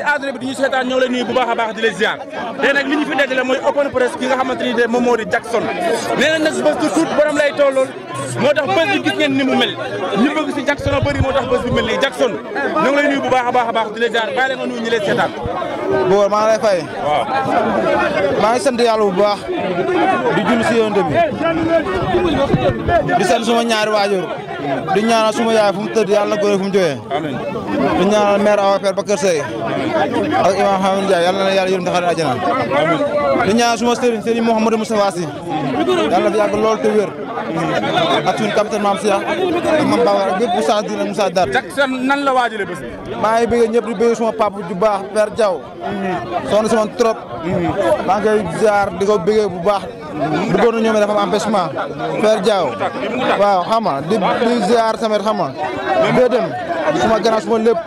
si àdduna bi di ñu seetaan ñoo lay nuyu bu baax baax di leen ziar tey nag li ñu fi dajale mooy open press ki nga xamante ni de moom moo di Jackson du tuut borom lay tollool moo tax bés bi gis ni mu mel ñu bëgg si Jackson a bëri moo tax bés bi mel nii Jackson ñoo bu baax a baax di leen ziar bàyyi la nga nuyu ñu leen seetaan boor maa ngi lay fay waaw maa ngi sant yàlla bu baax di jul si yonent bi di san suma ñaari waajur di ñaanal suma yaay fu mu tëdd yàlla na góor fu mu jógee di Awa Père ba Kër Sey ak imam Hamid Ndiaye yàlla na yàlla yërëm taxaare àjjana di ñaanal suma sëriñ sëriñ Mouhamadou Moustapha Sy yàlla na fi yàgg lool te wér ak suñu capitaine maam Cheikh ak maam Babacar bépp Moussa Dina Moussa Dar. Jackson nan la waajalee bés bi. maa ngi bëgg ñëpp di bëgg sama papa ju baax Père Diaw. sonn sama trop. maa ngi koy ziar di ko bëggee bu baax. bu doon ñoom dafa am empêchement. Père Diaw waaw xam di di ziar tamit xam suma gànnaaw suma lépp.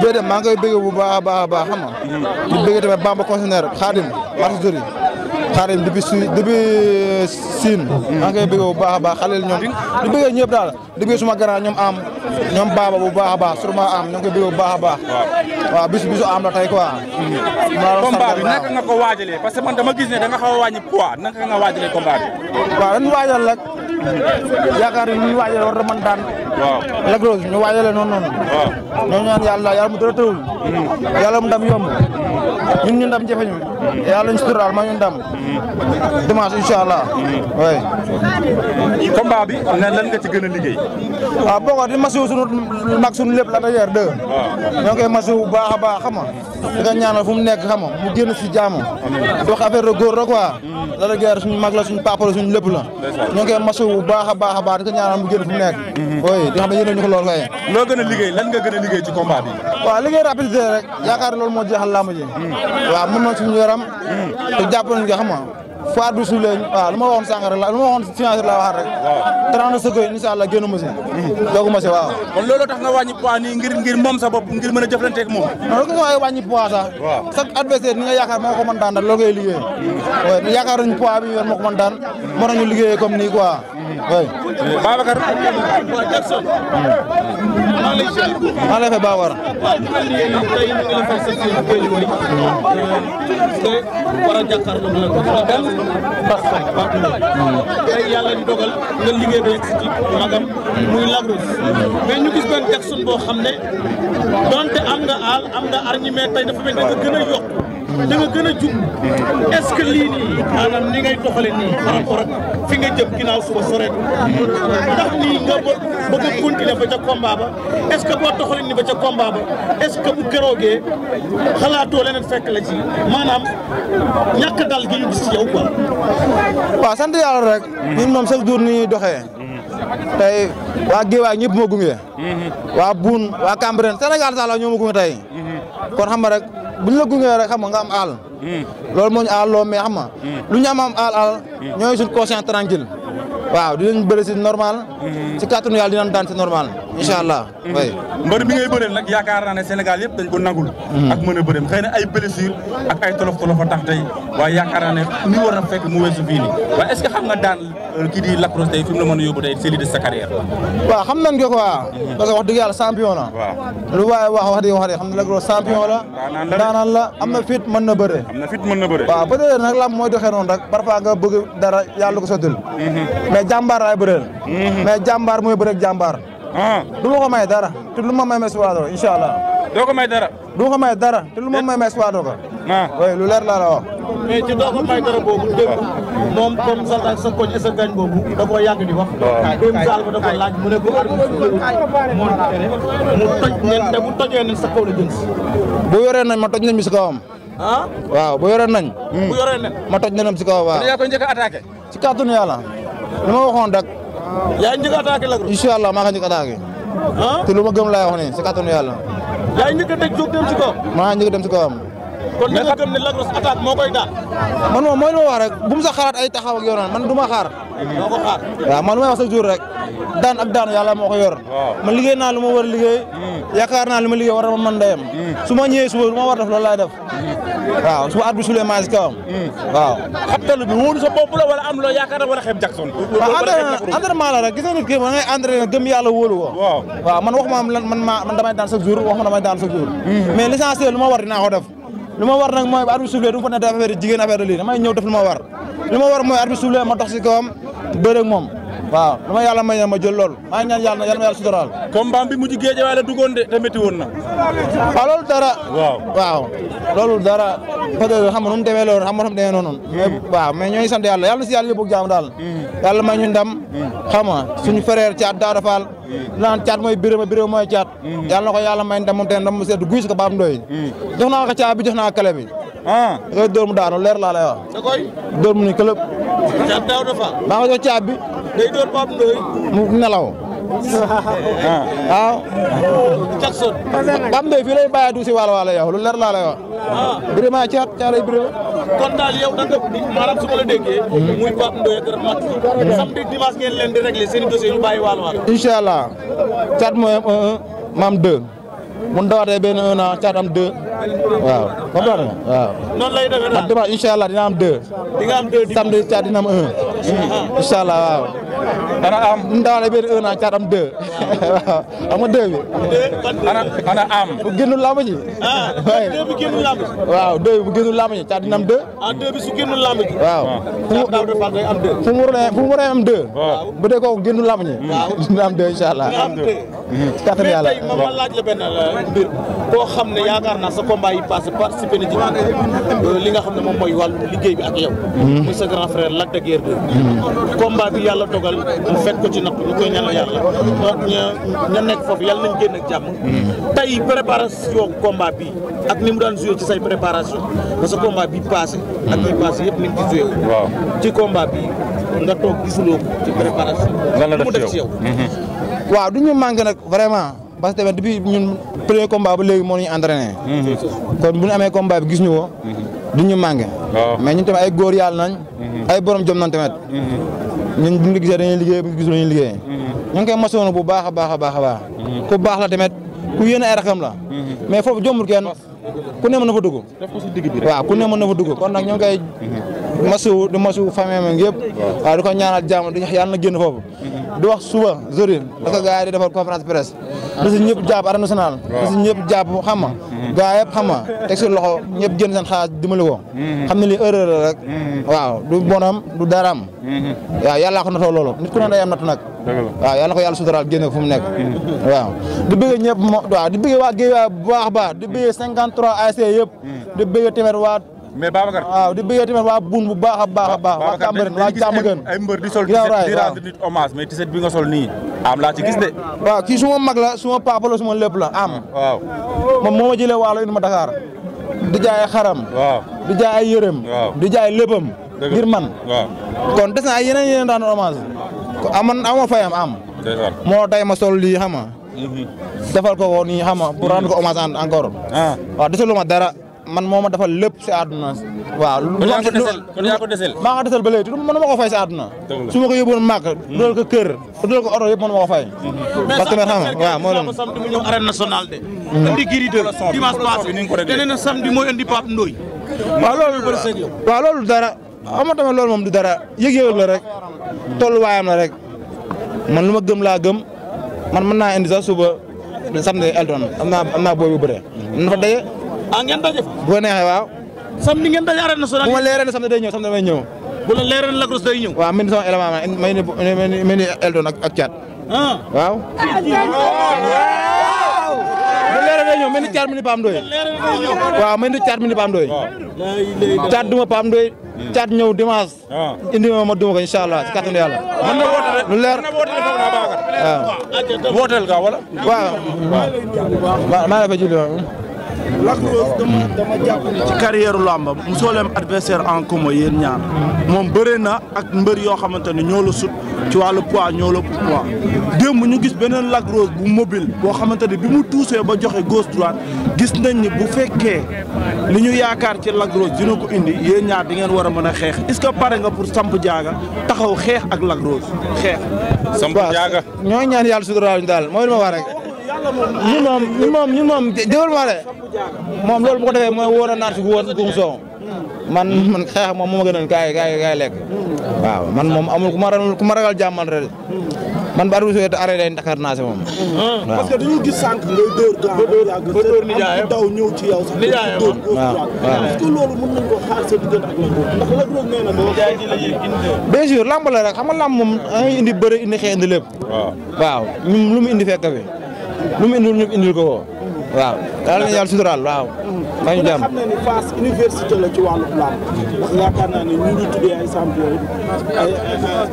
bee dem maa ngi koy bëggee bu baax a baax a di bëggee tamit Bamba concessionnaire Khadim. Marseille xaril depuis depuis sin maa ngi koy bëgg bu baax a baax xalil ñoom di daal bëgg suma grand ñom am ñom baaba bu baax a baax sûrement am ñu ngi bëgg bu baax baax bisu bisu am la tay quoi combat bi naka nga ko waajalee parce que man dama gis ne da nga xaw wañi wàññi poids naka nga waajalee combat bi wa lan wajal nak yaakaar ñu waajal war na waaw Lac Rose ñu waajale noonu noonu waaw ñoo ñaan yàlla yàlla mu dara tëwul mu ndam yomb ñun ñu ndam jafe ñu ñu sutural ma ñu ndam dimanche inshallah way combat bi lan nga ci gën liggéey waaw boko di masu sunu mag sunu lépp la masu bu baax nga ñaanal fu mu nekk mu jaamu wax affaire de la quoi la suñu la suñu papa la suñu la masu bu baax a baax a baax di ko ñaanal mu génn fu mu nekk di xam ne yéen ñu ko loolu lagi, loo gën a liggéey lan nga gën a liggéey ci combat bi waaw liggéey rapidité rek yaakaar loolu moo jeexal làmb ji waaw mën na suñu yaram te jàpp nañ nga xam nga du suuf lañ waaw lu ma waxoon sànq rek la lu ma waxoon financier laa waxaat rek trente secondes incha allah génn ma si doogu ma si waaw kon loolu tax nga wàññi poids nii ngir ngir mom sa bopp ngir mën a jëflante ak moom non loolu nga waaye poids sax chaque adversaire ni nga yaakaar moo ko mën daan ngay liggéey hmm. yaakaar nañ poids bi yor moo ko ñu comme quoi Babacar. maa lay fay Babacar. war a jàkkaarloo bu tey yàlla di dogal nga liggéey ba yegg ci magam muy lagros mais ñu gis benn Jackson boo xam ne donte am nga aal am nga arñi mais tey dafa mel ne nga yokk da nga gën a jug est ce que lii nii ni ngay doxale nii par rapport ak fi nga jëm ginnaaw suba soreetu ndax nii nga bëgg a ba ca ba est ce que boo doxale ni ba ca combat ba bu keroogee xalaatoo leneen fekk la ci maanaam ñàkk dal gi ñu gis ci yow quoi waaw rek ñun moom chaque jour ni doxee tey waa Géewaay ñëpp ma gunge mhm. waa Buun waa Cambérène Sénégal sax la ma gunge tey mhm. kon xam rek bu ñu la gungee rek xam nga nga am aal. Hmm. loolu moo aal loo mais hmm. lu ñu am am aal aal. Hmm. ñooy suñu conscient tranquille waaw dinañ bëri si normal. si kàttanu yàlla dinañ daan si normal. incha allah oui. mbër bi ngay bëreel nag yaakaar naa ne Sénégal yëpp dañ ko nangul. ak mën a bëreem xëy na ay blessure ak ay tolof tolof a tax tey waaye yaakaar naa ne war na fekk mu weesu fii nii waaye xam nga daan Euh, kii di Lac Rose tey fi mu la mën a yóbbu tey c'est de sa carrière waaw xam nañ ko quoi mhm. parce que wax dëgg yàlla champion la lu waaye wax wax dëgg wax dëgg xam na la daanaan la am na fit mën na bëre am na fit mën na bëre waaw peut-être nag lam mooy doxee noonu rek parfois nga bëgg dara yàlla ko sottil mhm. mais jàmbaar laay bëreel mhm. mais jàmbaar mooy bëre ak ah. du ma ko may dara te lu ma may may si waadoo incha allah doo ko may dara du ma ko may dara te lu ma may may si ko waaw ah. lu leer laa la wax mais ci doo ko may dara boobu dégg moom comme sa sa koñ sa gañ boobu da koo yàgg di wax. waaw saal ba da koo laaj mu ne ko arbitre moo tere mu toj nen te bu tojee nen sa kaw la jëm si. bu yoree nañ ma toj nañ mi si kawam. ah waaw bu yoree nañ. Hmm. bu yoree nañ ma toj nañ si kawam waaw. kon yaa ko njëkk a attaqué. si kàttanu yàlla li ma waxoon rek. yaa njëkk a attaqué la. incha allah maa ngi njëkk a attaqué. Ah? te lu ma gëm laa wax nii si kàttanu yàlla. yaa njëkk a tëj jóg dem si kawam. maa njëkk a dem si kawam. kon li nga gëm ne Lac moo koy daal. man moom mooy li ma wax sa xalaat ay taxaw ak yoonaan man du ma xaar. doo ko xaar waaw man lu may wax sa jour rek. daan ak daanu yàlla moo ko yor. man liggéey naa lu ma war a liggéey. Hmm. yaakaar naa li ma liggéey war na ma mën dayam. Hmm. su ma ñëwee suba lu ma war def loolu laay def. Hmm. waaw su ma at bi sulee maa si kawam. waaw. xabtalu bi wóolu sa bopp la wala am loo yaakaar na wala xeeb Jackson. waaw entraînement la rek gis nga nit ki ma ngay entraîné man waxuma man ma man damay daan chaque jour waxuma damay daan chaque jour. mais l'essentiel ma war dinaa ko def li ma war nag mooy arbitre soufflé du ma fa nekk affaire jigéen affaire de lii damay ñëw def li ma war li ma war mooy arbitre soufflé ma dox si kawam waaw dama yàlla may na ma jël loolu maa ngi ñaan dukun demi yàlla Kalau yàlla wow, combat bi mujj géej waaye la duggoon de te métti woon na waaw ah, dara waaw waaw loolu dara peut être xam nu mu demee loolu xam nga nu hmm. eh, waaw mais ñooy sant yàlla yàlla na si yàlla yóbbu jaam daal hmm. yàlla may ñu ndam hmm. xam nga suñu frère caat daara faal naan caat mooy birima birima mooy caat yàlla ko yàlla may ndam moom te ndam mu ko ko bi kale bi ah da koy leer laa lay wax ni bi day door Pape Ndoye mu nelaw waaw ah, ah. Jackson Pape Ndoye fii lay bàyyi du si waalo waalo yow lu leer laa lay wax vraiment ah. caat caalay biré kon daal yow da nga maanaam su ma la déggee hmm. muy Pape Ndoye ak Mat hmm. samedi dimanche ngeen leen di régler seen dossier ñu bàyyi waalo waalo incha allah caat mooy am un maam deux mun dawaatee benn un an caat am deux waaw comprendre nga waaw. noonu lay demee daal man demaat incha allah dina am deux. di nga am deux samedi caat dina am un. incha allah waaw. ana am ndaale benn un an caat am deux am nga deux ana am bu génnul làmb ji ah, deux bi bu génnul làmb caat dina am deux ah deux su génnul làmb ji ah. fu fu mu waree am deux bu dee kooku génnul làmb ji am deux incha ci tey ma laaj la benn euh, mbir koo xam ne yaakaar naa sa combat yi passé participé na ci li nga xam ne moom mooy wàllu liggéey bi ak yow. Mhm. muy sa grand frère Lac de Guiers 2. Mhm. combat bi yàlla dogal mu fekk ko ci napp ñu koy ñaanal yàlla donc ña ña nekk foofu yàlla nañ génn ak jàmm. Mhm. tey préparation combat bi ak ni mu daan joué ci say préparation ba sa combat bi passé. ak bi passé yëpp ni mu ci joué. waaw ci combat bi nga toog gisuloo ko ci préparation. lan la def waaw du ñu manqué nag vraiment parce que tamit depuis ñu premier combat ba léegi moo ñu entraîné. Mhm. kon bu ñu amee combat bi gis ñu ko. Mhm. du ñu manqué. mais ñu tamit ay góor yàlla nañ. Mhm. ay borom jom nañ tamit. ñun bu ñu gisee dañuy liggéey bu ñu gisul dañuy liggéey. ñu ngi koy mosoon bu baax a baax a baax a baax. ku baax la tamit ku yéene ay rakam la. mais foofu jombul kenn ku ne mën na fa dugg. def ko waaw ku ne mën na fa dugg kon nag ñoo ngi koy. masu du masu famille am yëpp. waaw di ko ñaanal jàmm yàlla na génn foofu. di wax suba jori parce que gars yi di defar conférence presse da si ñëpp jàpp arène nationale da si ñëpp jàpp xam ma mm-hmm. gars yëpp xam ma teg si loxo ñëpp jënd seen xaalis dimbali ko mm-hmm. xam ne lii erreur la rek mm-hmm. waaw du bonam du daram waaw yàllaa ko natoo nit ku ne day am nag waaw yàlla ko yàlla suturaal génne ko fu nekk waaw di bëggee ñëpp waaw di bëggee waa Guèye bu baax baax di bëggee cinquante trois yëpp di bëggee tamit waa mais Babacar waaw ah, di bëggee tamit waa buun bu baax a baax a baax waa Cambérène ay di sol ya, di ah. nit hommage mais bi nga sol am laa ci gis de waaw kii suma mag la suma papa la suma la am waaw moom moo ma jëlee ma Dakar di jaay xaram waaw di jaay ay di jaay léppam ngir man kon des na yeneen yeneen hommage fayam am moo tay ma sol lii xam mhm. defal ko ko nii pour rendre ko hommage encore ah. dara man moo ma defal lépp si àdduna waaw lu ma ko desel kon yaa ko desel maa ko desel ba léegi te mënu ma ko fay si ma ko yóbboon màkk dool ko kër dool ko oto yëpp mënu ko fay mm-hmm. parce que xam nga waaw moo doon samedi mu ñëw mm-hmm. loolu dara xam nga tamit loolu moom du dara yëg-yëg la rek tolluwaayam la rek man lu ma gëm laa gëm man mën naa indi sax suba samedi Elton am naa am naa booy daje ah ngeen daje fa. bu ko neexee waaw. samedi ngeen daje arène nationale. bu ma leeree ne samedi day ñëw samedi may ñëw. bu la leeree ne Lac Rose day ñëw. waaw man sama élément ma may ni may ni Elton ak ak Thiat. ah waaw. bu leeree day ñëw man ni Thiat mi ni allah si kàttanu yàlla. mën na woote rek carrière làmb mosoo adversaire en commun yéen ñaar moom bëre na ak mbër yoo xamante ne la sut ci wàllu poids ñoo poids démb ñu gis beneen Lac bu mobile boo xamante ne bi ba joxe gauche droite gis nañ ni bu fekkee li ñu ci Lac dina ko indi ñaar di ngeen est-ce que nga pour samp jaaga taxaw ak samp jaaga ñaan rek. ñun moom ñun moom ñun moom déggoo ma de moom loolu bu ko defee mooy wóor a naat si wóor gum soow man man xeex moom moo ma gënoon kaay kaay kaay lekk waaw man moom amul ku ma ragal ku ma ragal jàmm man rek man ba Roussou te arrêté nañ Dakar naa si moom. Ah, parce que dañu gis sànq ngay dóor gaa ba dóor nijaayam daw ñëw ci yow sax. nijaayam waaw waaw parce que loolu mën nañ ko xaar sa diggante ak ndax la doon nee na bien sûr lamb la rek xam nga lamb moom da ngay indi bëri indi xeex indi lépp. waaw waaw ñun lu mu indi fekk fi. lu mu indil ñu indil ko waaw daal na yàlla suturaal waaw. maa ngi jàmm xam na ni Fass université la ci wàllu làmb ndax yaakaar naa ne ñu ngi tuddee ay champion ay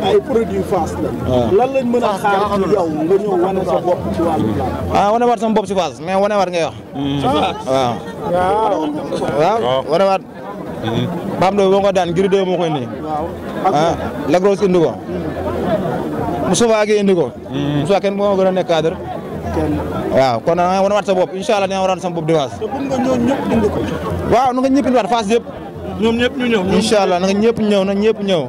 ay produits Fass la. lan lañ mën a xaar ci yow nga ñëw wane sa bopp ci wàllu làmb. ah wane waat sama bopp ci Fass mais wane waat ngay wax. Mm. waaw. waaw wane waat. Bam do boo ko daan ngir dee moo koy nii. ah Lagros indi ko. Moussa Gueye indi ko. Mm. Moussa kenn moo gën a nekk cadre. waaw kon da nga wanaat sa bopp incha allah dina wanaat sama bopp ñëpp waaw na nga ñëpp indiwaat Fass yëpp. ñoom ñëpp ñu ñëw. incha allah na nga ñëpp ñëw na ñëpp ñëw.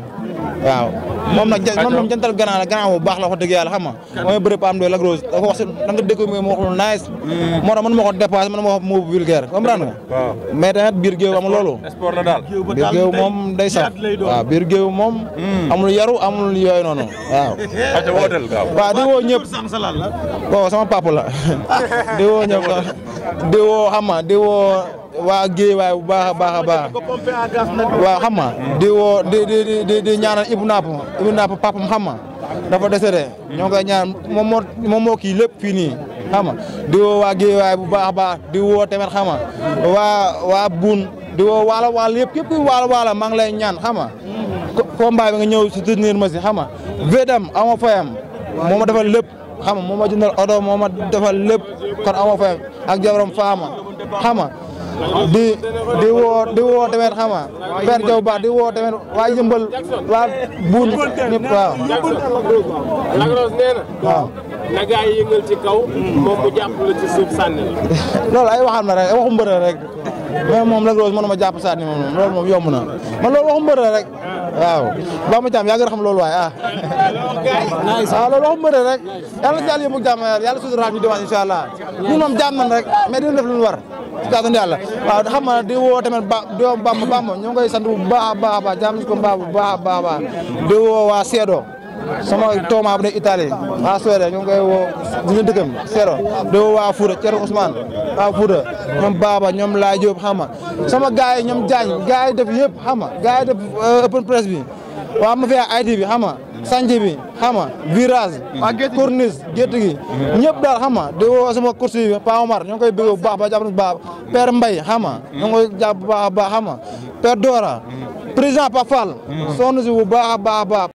waaw mom nag moom moom jantal gannaaw la gannaaw bu baax la wax dëgg yàlla xam nga kan? mooy bëri doy la dafa wax da nga mo wax lu nice hmm. moo tax man ma ko man ma wax moo vulgaire comprendre nga mais tamit biir géew amul loolu sport la daal biir géew moom day sax waaw biir géew moom hmm. amul yaru amul yooyu noonu waaw waaw di wo sama papa la di woo ñëpp di woo xam nga di woo waa géewaay bu baax a baax a di di di di di ñaanal Ibou Napp ma Ibou Napp papam xam ma dafa décédé ñoo ngi ñaan moom moo moom moo kii lépp fii nii xam nga di woo waa Guédiawaye bu baax a baax di woo tamit xam nga waa waa Boune di woo waala waala yëpp képp kuy waala waala maa ngi lay ñaan xam nga combat bi nga ñëw si soutenir ma si xam nga vedam ama fayam moo ma defal lépp xam nga ma jëndal oto moo ma defal lépp kon ama fayam ak jabaram faama xam di di wo di wo tamit xam nga Père Diaw Ba di wo tamit waa yëmbal waa bun ñëpp wa na waaw na gaa ci kaw moom mu jàpp la ci suuf sànni loolu ay waxam na rek waxu mbër rek mais moom Lac Rose mënuma jàpp saat ni moom moom loolu moom yomb waxu mbër rek waaw ba ma jàmm yaa ngi xam ah waxu rek ñu rek mais dina def lu war ci kàttan yàlla waaw xam nga di woo tamit ba di woo Bamba Bamba ñu ngi a a baax jàmm ko mbaa bu baax a a baax di woo waa Seedo sama tooma bu ne Italie waa Suède ñu ngi koy woo ñu dëkkam Seedo di woo waa Fouta Thierno Ousmane waa Fouta ñoom Baba ñoom Laay Jóob xam nga sama gars yi ñoom Diagne def yëpp xam nga def euh, open press waa ma fi IT sànci bi xam nga virage. Mmh. ak corniche gétt gi. Mmh. ñëpp daal xam nga woo sama course yi Pa Omar ñoo ngi koy bëgg bu baax ba jàpp bu baax mmh. Père xam nga ñoo ngi koy jàpp baax a baax xam nga Père Dora président Pa Fall. sonn si bu baax a baax